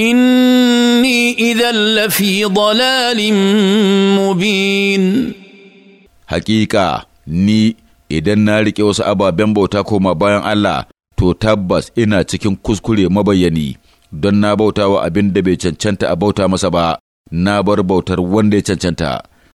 inni idan lafi dalalin mubin haƙiƙa ni idan na riƙe wasu ababen bauta koma bayan Allah to tabbas ina cikin kuskure mabayani don na bauta wa abin da bai cancanta a bauta masa ba na bar bautar wanda ya cancanta